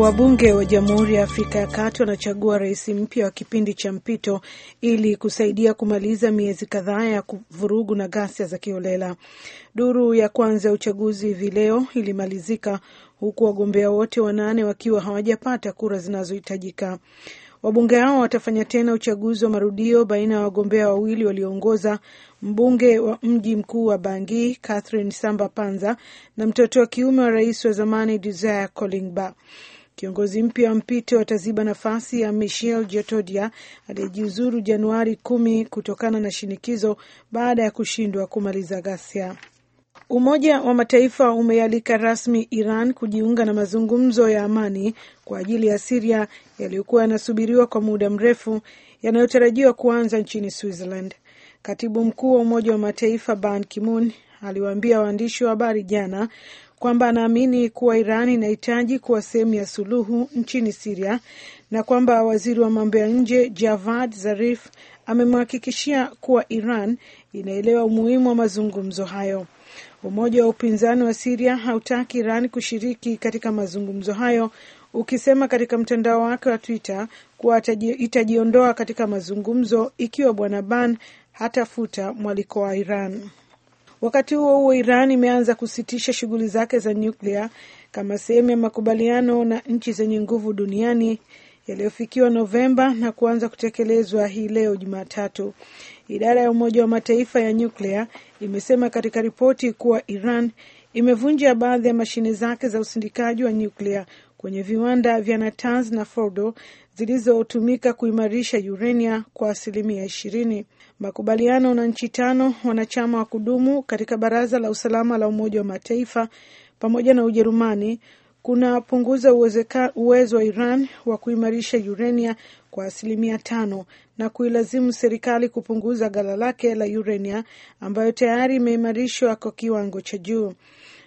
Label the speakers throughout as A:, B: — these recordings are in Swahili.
A: Wabunge wa Jamhuri ya Afrika ya Kati wanachagua rais mpya wa kipindi cha mpito ili kusaidia kumaliza miezi kadhaa ya vurugu na ghasia za kiolela. Duru ya kwanza ya uchaguzi hivi leo ilimalizika huku wagombea wote wanane wakiwa hawajapata kura zinazohitajika. Wabunge hao watafanya tena uchaguzi wa marudio baina ya wagombea wawili walioongoza, mbunge wa mji mkuu wa Bangi Catherine Samba Panza na mtoto wa kiume wa rais wa zamani Desire Kolingba. Kiongozi mpya wa mpito ataziba nafasi ya Michel Jotodia aliyejiuzuru Januari kumi kutokana na shinikizo baada ya kushindwa kumaliza ghasia. Umoja wa Mataifa umeialika rasmi Iran kujiunga na mazungumzo ya amani kwa ajili ya Siria yaliyokuwa yanasubiriwa kwa muda mrefu yanayotarajiwa kuanza nchini Switzerland. Katibu mkuu wa Umoja wa Mataifa Ban Ki-moon aliwaambia waandishi wa habari jana kwamba anaamini kuwa Iran inahitaji kuwa sehemu ya suluhu nchini Siria na kwamba waziri wa mambo ya nje Javad Zarif amemhakikishia kuwa Iran inaelewa umuhimu wa mazungumzo hayo. Umoja wa upinzani wa Siria hautaki Iran kushiriki katika mazungumzo hayo, ukisema katika mtandao wake wa Twitter kuwa itajiondoa katika mazungumzo ikiwa Bwana Ban hatafuta mwaliko wa Iran. Wakati huo huo, Iran imeanza kusitisha shughuli zake za nyuklia kama sehemu ya makubaliano na nchi zenye nguvu duniani yaliyofikiwa Novemba na kuanza kutekelezwa hii leo Jumatatu. Idara ya Umoja wa Mataifa ya nyuklia imesema katika ripoti kuwa Iran imevunja baadhi ya mashine zake za usindikaji wa nyuklia kwenye viwanda vya Natanz na Fordo zilizotumika kuimarisha urania kwa asilimia ishirini. Makubaliano na nchi tano wanachama wa kudumu katika Baraza la Usalama la Umoja wa Mataifa pamoja na Ujerumani kunapunguza uwezo wa Iran wa kuimarisha urania kwa asilimia tano na kuilazimu serikali kupunguza gala lake la urania ambayo tayari imeimarishwa kwa kiwango cha juu.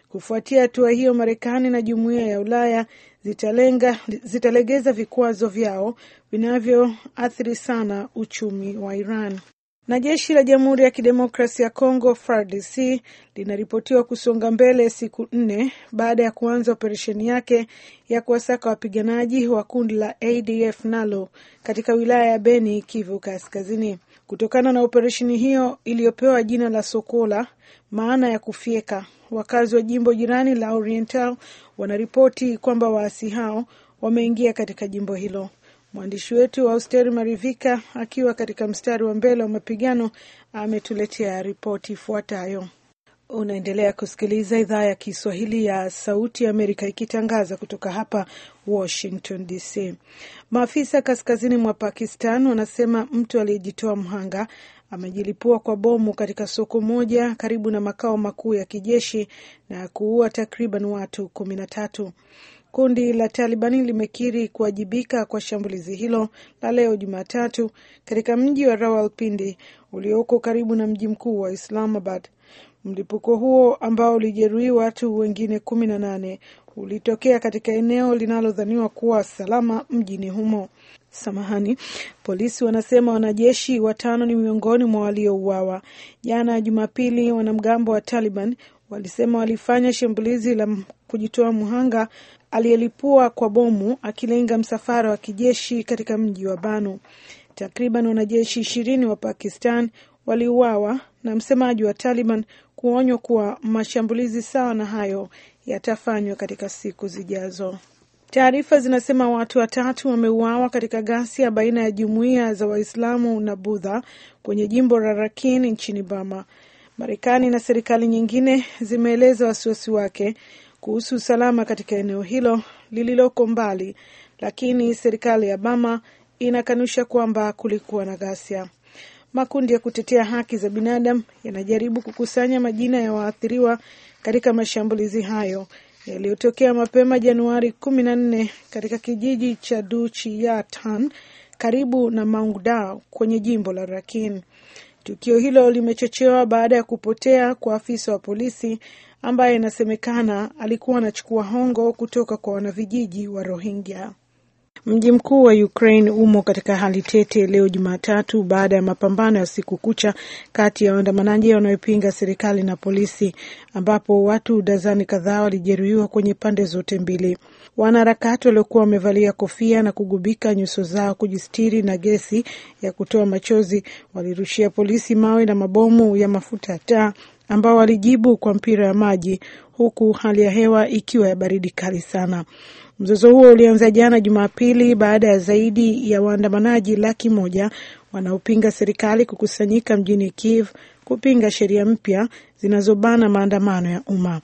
A: Kufuatia hatua hiyo, Marekani na jumuiya ya Ulaya zitalenga zitalegeza vikwazo vyao vinavyoathiri sana uchumi wa Iran. Na jeshi la Jamhuri ya kidemokrasi ya Kongo FARDC linaripotiwa kusonga mbele siku nne baada ya kuanza operesheni yake ya kuwasaka wapiganaji wa kundi la ADF nalo katika wilaya ya Beni, Kivu Kaskazini. Kutokana na operesheni hiyo iliyopewa jina la Sokola, maana ya kufyeka, wakazi wa jimbo jirani la Oriental wanaripoti kwamba waasi hao wameingia katika jimbo hilo. Mwandishi wetu wa Austeri Marivika akiwa katika mstari wa mbele wa mapigano ametuletea ripoti ifuatayo. Unaendelea kusikiliza idhaa ya Kiswahili ya Sauti ya Amerika ikitangaza kutoka hapa Washington DC. Maafisa kaskazini mwa Pakistan wanasema mtu aliyejitoa mhanga amejilipua kwa bomu katika soko moja karibu na makao makuu ya kijeshi na kuua takriban watu kumi na tatu. Kundi la Talibani limekiri kuwajibika kwa shambulizi hilo la leo Jumatatu katika mji wa Rawalpindi ulioko karibu na mji mkuu wa Islamabad. Mlipuko huo ambao ulijeruhi watu wengine kumi na nane ulitokea katika eneo linalodhaniwa kuwa salama mjini humo. Samahani, polisi wanasema wanajeshi watano ni miongoni mwa waliouawa jana Jumapili. Wanamgambo wa Taliban walisema walifanya shambulizi la kujitoa mhanga aliyelipua kwa bomu akilenga msafara wa kijeshi katika mji wa Banu. Takriban wanajeshi ishirini wa Pakistan waliuawa na msemaji wa Taliban kuonywa kuwa mashambulizi sawa na hayo yatafanywa katika siku zijazo. Taarifa zinasema watu watatu wameuawa katika ghasia baina ya jumuiya za Waislamu na Budha kwenye jimbo la Rakhine nchini Bama. Marekani na serikali nyingine zimeeleza wasiwasi wake kuhusu usalama katika eneo hilo lililoko mbali, lakini serikali ya Bama inakanusha kwamba kulikuwa na ghasia. Makundi ya kutetea haki za binadamu yanajaribu kukusanya majina ya waathiriwa katika mashambulizi hayo yaliyotokea mapema Januari kumi na nne katika kijiji cha Duchiyatan karibu na Maungdao kwenye jimbo la Rakin. Tukio hilo limechochewa baada ya kupotea kwa afisa wa polisi ambaye inasemekana alikuwa anachukua hongo kutoka kwa wanavijiji wa Rohingya. Mji mkuu wa Ukraine umo katika hali tete leo Jumatatu baada ya mapambano ya siku kucha kati ya waandamanaji wanaopinga serikali na polisi, ambapo watu dazani kadhaa walijeruhiwa kwenye pande zote mbili. Wanaharakati waliokuwa wamevalia kofia na kugubika nyuso zao kujistiri na gesi ya kutoa machozi walirushia polisi mawe na mabomu ya mafuta ya taa ambao walijibu kwa mpira ya maji huku hali ya hewa ikiwa ya baridi kali sana. Mzozo huo ulianza jana Jumapili baada ya zaidi ya waandamanaji laki moja wanaopinga serikali kukusanyika mjini Kiev kupinga sheria mpya zinazobana maandamano ya umma.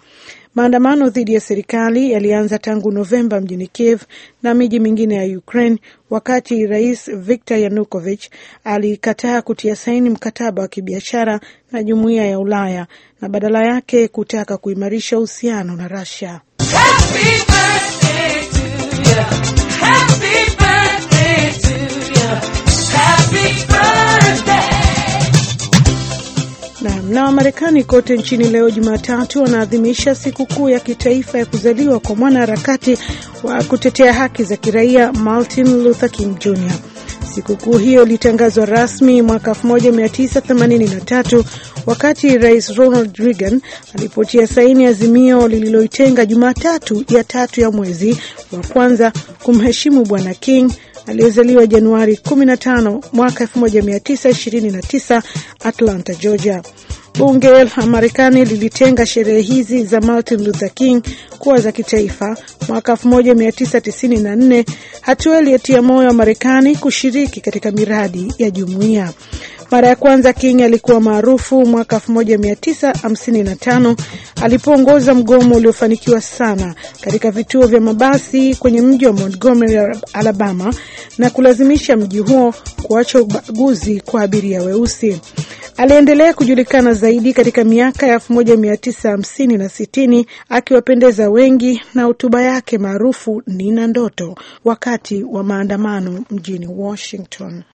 A: Maandamano dhidi ya serikali yalianza tangu Novemba mjini Kiev na miji mingine ya Ukraine wakati Rais Viktor yanukovich alikataa kutia saini mkataba wa kibiashara na Jumuiya ya Ulaya na badala yake kutaka kuimarisha uhusiano na Russia. Marekani kote nchini leo Jumatatu wanaadhimisha sikukuu ya kitaifa ya kuzaliwa kwa mwanaharakati wa kutetea haki za kiraia Martin Luther King Jr. Sikukuu hiyo ilitangazwa rasmi mwaka 1983 wakati Rais Ronald Reagan alipotia saini azimio lililoitenga Jumatatu ya tatu ya mwezi wa kwanza kumheshimu Bwana King aliyezaliwa Januari 15 mwaka 1929 Atlanta, Georgia. Bunge la Marekani lilitenga sherehe hizi za Martin Luther King kuwa za kitaifa mwaka 1994, hatua iliyotia moyo wa Marekani kushiriki katika miradi ya jumuiya. Mara ya kwanza King alikuwa maarufu mwaka 1955 alipoongoza mgomo uliofanikiwa sana katika vituo vya mabasi kwenye mji wa Montgomery, Alabama na kulazimisha mji huo kuacha ubaguzi kwa abiria weusi. Aliendelea kujulikana zaidi katika miaka ya 1950 na 60 akiwapendeza wengi na hotuba yake maarufu Nina Ndoto wakati wa maandamano mjini Washington.